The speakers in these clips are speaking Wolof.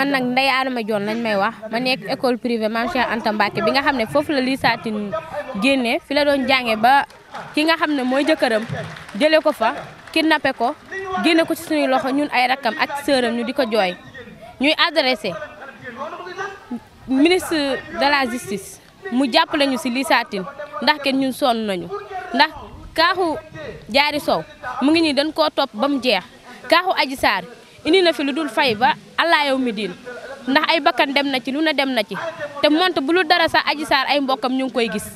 man nag Ndeye Adama Dione lañ may wax ma nekk école privée Mame Cheikh Anta bi nga xam ne foofu la Lissa Tine génnee fi la doon jàngee ba ki nga xam ne mooy jëkkëram jëlee ko fa ki kidnappé ko génne ko si suñuy loxo ñun ay rakkam ak sëram ñu di ko jooy ñuy adressé ministre de la justice mu jàpp lañu si lii Tine ndax kenn ñun sonn nañu ndax kaaxu jaari sow mu ngi nii dañ koo topp ba mu jeex kaaxu aji saar indi na fi lu dul fay ba allah yow mi diin ndax ay bakkan dem na ci lu ne dem na ci te mont bu lu dara sax Adji Sarr ay mbokkam ñu ngi koy gis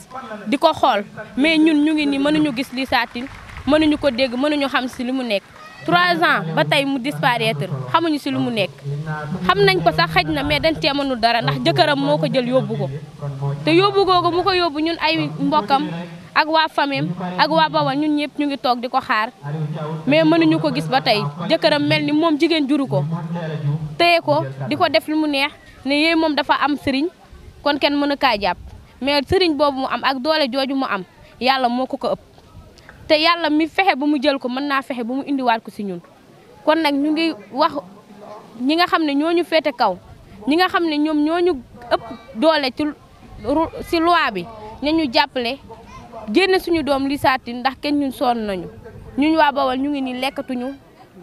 di ko xool mais ñun ñu ngi nii mënuñu gis li saatin mënuñu ko dégg mënuñu xam si li mu nekk trois ans ba tey mu disparaître xamuñu si lu mu nekk xam nañ ko sax xaj na mais dañ cee mënul dara ndax jëkkëram moo ko jël yóbbu ko te yóbbu googu mu yóbbu ñun ay mbokkam ak waa famille ak waa Bawol ñun ñëpp ñu ngi toog di ko xaar mais mënuñu ko gis ba tey jëkkëram mel ni moom jigéen juru ko téye ko di ko def li mu neex ne yooyu moom dafa am sëriñ kon kenn mënu kaa jàpp mais sëriñ boobu mu am ak doole jooju mu am yàlla moo ko ko ëpp te yàlla mi fexe ba mu jël ko mën naa fexe ba mu indiwaat ko si ñun kon nag ñu ngi wax ñi nga xam ne ñoo ñu féete kaw ñi nga xam ne ñoom ñoo ñu ëpp doole ci si loi bi ña ñu jàppale génne suñu doom li saati ndax kenn ñun soon nañu ñun waa Bawol ñu ngi nii lekkatuñu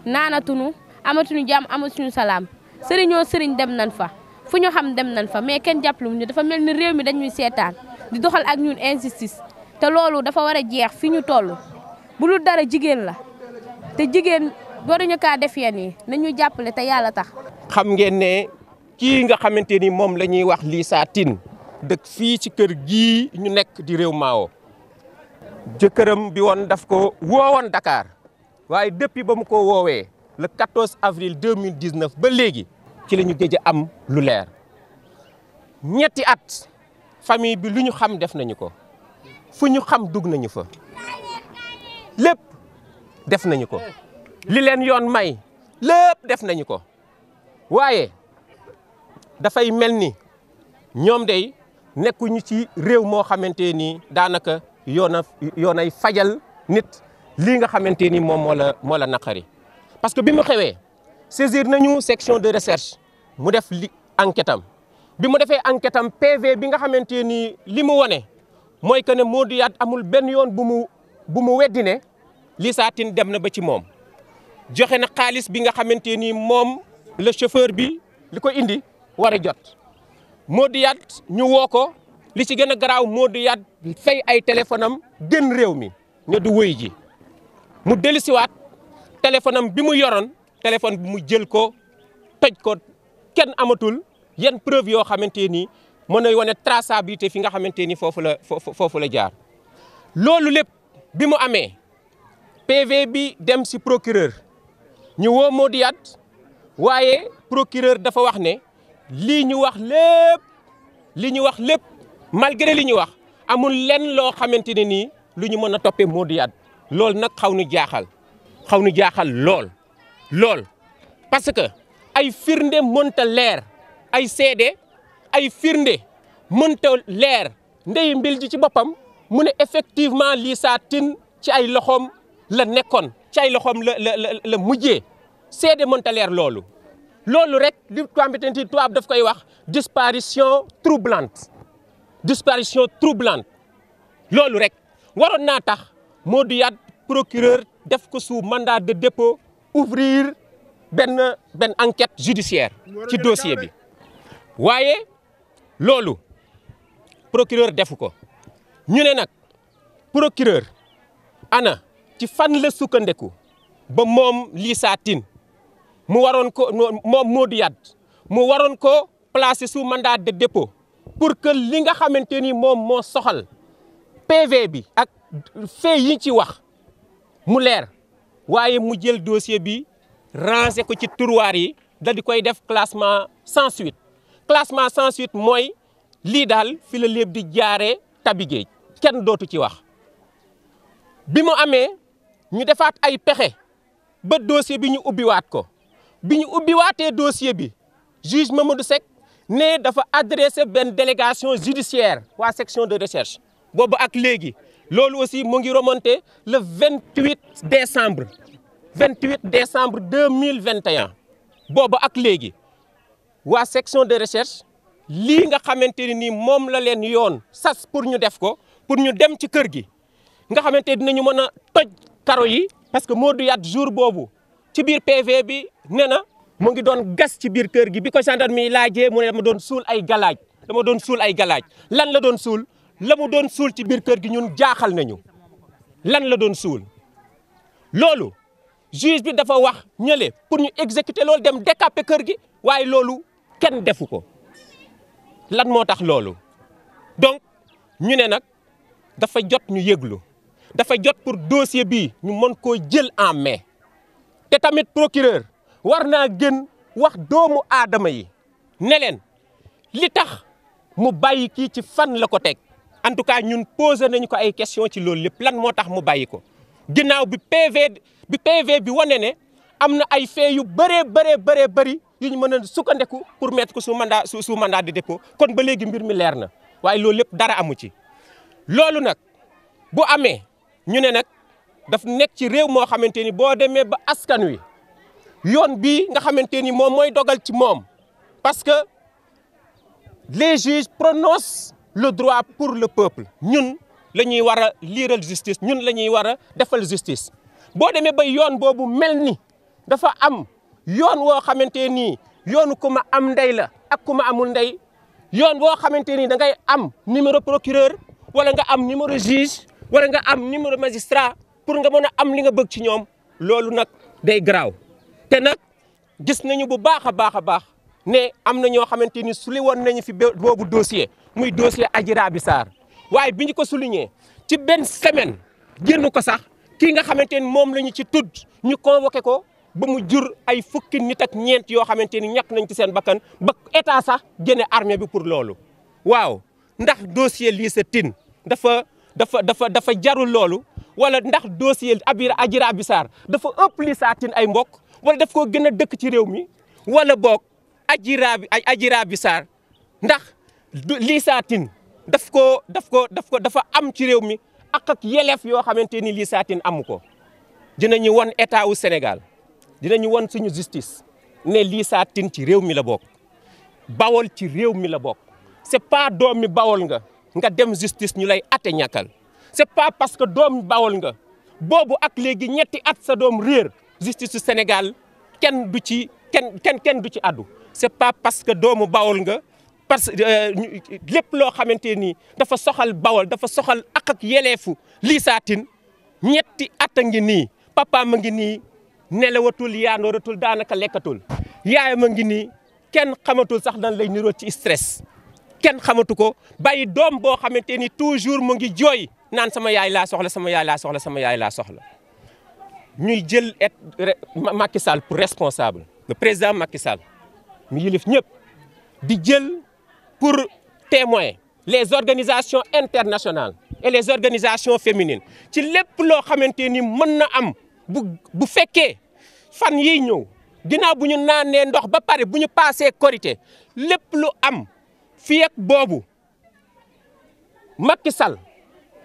naanatuñu amatuñu jàmm amatuñu salaam sëriñoo sëriñ dem nañ fa fu ñu xam dem nañ fa mais kenn jàppalu ñu dafa mel ni réew mi dañuy seetaan di doxal ak ñun injustice te loolu dafa war a jeex fi ñu toll bu lu dara jigéen la te jigéen waruñu kaa def yenn yi nañu jàppale te yàlla tax. xam ngeen ne kii nga xamante ni moom la ñuy wax Lissa Tine dëkk fii ci kër gii ñu nekk di réew Maawo jëkkëram bi woon daf ko woowoon Dakar waaye depuis ba mu ko woowee le 14 avril 2019 ba léegi ci lañu ñu géej am lu leer ñetti at famille bi lu ñu xam def nañu ko fu ñu xam dugg nañu fa lépp def nañu ko lileen yoon may lépp def nañu ko waaye dafay mel ni ñoom day nekkuñu ci réew moo xamante ni daanaka yoona yoonay fajal nit lii nga xamante ni moom moo la moo la naqari parce que bi mu xewee saisir nañu section de recherche mu def li enquête am bi mu defee enquête am PV bi nga xamante ni li mu wane mooy que ne Modou Yade amul benn yoon bu mu bu mu weddi ne dem na ba ci moom joxe na xaalis bi nga xamante ni moom le chauffeur bi li ko indi war a jot Modou Yade ñu woo ko li ci gën a garaaw moo di yaat fay ay téléphone am génn réew mi ne du wuy ji mu dellusiwaat téléphone am bi mu yoroon téléphone bi mu jël ko toj ko kenn amatul yan preuve yoo xamante nii mën na wane traçabilité fi nga xamante ni foofu la foofu la jaar. loolu lépp bi mu amee PV bi dem si procureur ñu woo Mody waaye procureur dafa wax ne lii ñu wax lépp li ñu wax lépp. malgré li ñu wax amul lenn loo xamante ne nii lu ñu mën a toppee Modou Yade loolu nag xaw nu jaaxal xaw nu jaaxal lool lool parce que ay firnde mënta leer ay seede ay firnde mënta leer ndey mbil ji ci boppam mu ne effectivement Lissa Tine ci ay loxoom la nekkoon ci ay loxoom la la la mujjee seede mënta leer loolu loolu rek li tubaab daf koy wax disparition troublante disparition troublante loolu rek waroon naa tax Modou Yade procureur def ko sous mandat de dépôt ouvrir benn benn enquête judiciaire ci dossier bi waaye loolu procureur defu ko ñu ne nag procureur ana ci fan la sukkandeku ba moom Lissa Tine mu waroon ko moom Modou Yade mu waroon ko placer sous mandat de dépôt pour que li nga xamante ni moom moo soxal PV bi ak fait yi ci wax mu leer waaye mu jël dossier bi ranger ko ci tiroir yi da di koy def classement sans suite classement sans suite mooy lii daal fi la léeb di jaaree tabi géej kenn dootu ci wax bi mu amee ñu defaat ay pexe ba dossier bi ñu ubbiwaat ko bi ñu ubbiwaatee dossier bi juge Mamadou Seck ne dafa adressé benn délégation judiciaire waa section de recherche boobu ak léegi loolu aussi moo ngi remonté le 28 décembre 28 décembre 2021 boobu ak léegi waa section de recherche lii nga xamante ni moom la leen yoon sas pour ñu def ko pour ñu dem ci kër gi nga xamante dinañu mën a toj karo yi parce que Modou Yat jour boobu ci biir PV bi nee na moo ngi doon gas ci biir kër gi bi ko gendarme yi laajee mu ne dama doon suul ay galaaj dama doon suul ay galaaj lan la doon suul la mu doon suul ci biir kër gi ñun jaaxal nañu lan la doon suul loolu juge bi dafa wax ñële pour ñu exécuter loolu dem décaper kër gi waaye loolu kenn defu ko lan moo tax loolu donc ñu ne nag dafa jot ñu yéglu dafa jot pour dossier bi ñu mën koo jël en mai te tamit procureur war naa gën wax doomu aadama yi ne leen li tax mu bàyyi kii ci fan la ko teg en tout cas ñun posé nañu ko ay question ci loolu lépp lan moo tax mu bàyyi ko ginnaaw bi PV bi PV bi wane ne am na ay fait yu bëree bëree bëree bëri yu ñu mën a sukkandeku pour mettre ko sous mandat sous mandat de dépôt kon ba léegi mbir mi leer na waaye loolu lépp dara amu ci loolu nag bu amee ñu ne nag daf nekk ci réew moo xamante ni boo demee ba askan wi yoon bii nga xamante ni moom mooy dogal ci moom parce que les juges prononcent le droit pour le peuple ñun la ñuy war a liiral justice ñun la ñuy war a defal justice boo demee ba yoon boobu mel ni dafa am yoon woo xamante nii yoonu ku ma am ndey la ak ku ma amul ndey yoon woo xamante ni da ngay am numéro procureur wala nga am numéro juge wala nga am numéro magistrat pour nga mën a am li nga bëgg ci ñoom loolu nag day graaw te nag gis nañu bu baax a baax a baax ne am na ñoo xamante ni suli woon nañu fi boobu dossier muy dossier Adji Raby Sarr waaye bi ñu ko souligné ci benn semaine génn ko sax kii nga xamante ni moom la ñu ci tudd ñu convoqué ko ba mu jur ay fukkin ñu ak ñeent yoo xamante ni ñàkk nañ ci seen bakkan ba état sax génne armée bi pour loolu waaw ndax dossier Lissa Tine dafa dafa dafa dafa jarul loolu wala ndax dossier Adji Raby Sarr dafa ëpp Lissa Tine ay mbokk wala daf koo gën a dëkk ci réew mi wala boog Adji Raby ay Adji Raby ndax Lissa Tine daf ko daf ko daf ko dafa am ci réew mi ak ak yelef yoo xamante ni Lissa Tine amu ko dinañu won état wu Sénégal dinañu wan suñu justice ne Lissa Tine ci réew mi la bokk Bawol ci réew mi la bokk c'est pas mi Bawol nga nga dem justice ñu lay atte ñàkkal c'est pas parce que doomi Bawol nga boobu ak léegi ñetti at sa doom réer justice su Sénégal kenn du ci kenn kenn kenn du ci addu c'est pas parce que doomu Bawol nga parce que euh, lépp loo xamante nii dafa soxal Bawol dafa soxal akak ak yeleefu Lissa Tine ñetti at a ngi nii papaam a ngi nii nelawatul yaandooratul daanaka lekkatul yaayam a ngi nii kenn xamatul sax nan lay niroo ci stress kenn xamatu ko bàyyi doom boo xamante ni toujours mu ngi jooy naan sama yaay laa soxla sama yaay laa soxla sama yaay laa soxla ñuy jël et Macky pour responsable le président Macky Sall yilif ñëpp di jël pour témoin les organisations internationales et les organisations féminines ci lépp loo xamante ni mën na am bu bu fekkee fan yiy ñëw ginnaaw bu ñu naanee ndox ba pare bu ñu paasee korité lépp lu am fii boobu makisal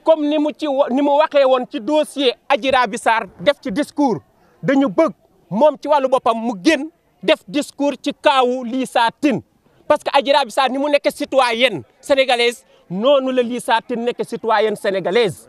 comme ni mu ci ni mu waxee woon ci dossier Adji Raby Sarr def ci discours dañu bëgg moom ci wàllu boppam mu génn def discours ci kaawu Lissa Tine parce que Adji Raby Sarr ni mu nekk citoyenne sénégalaise noonu la Lissa Tine nekk citoyenne sénégalaise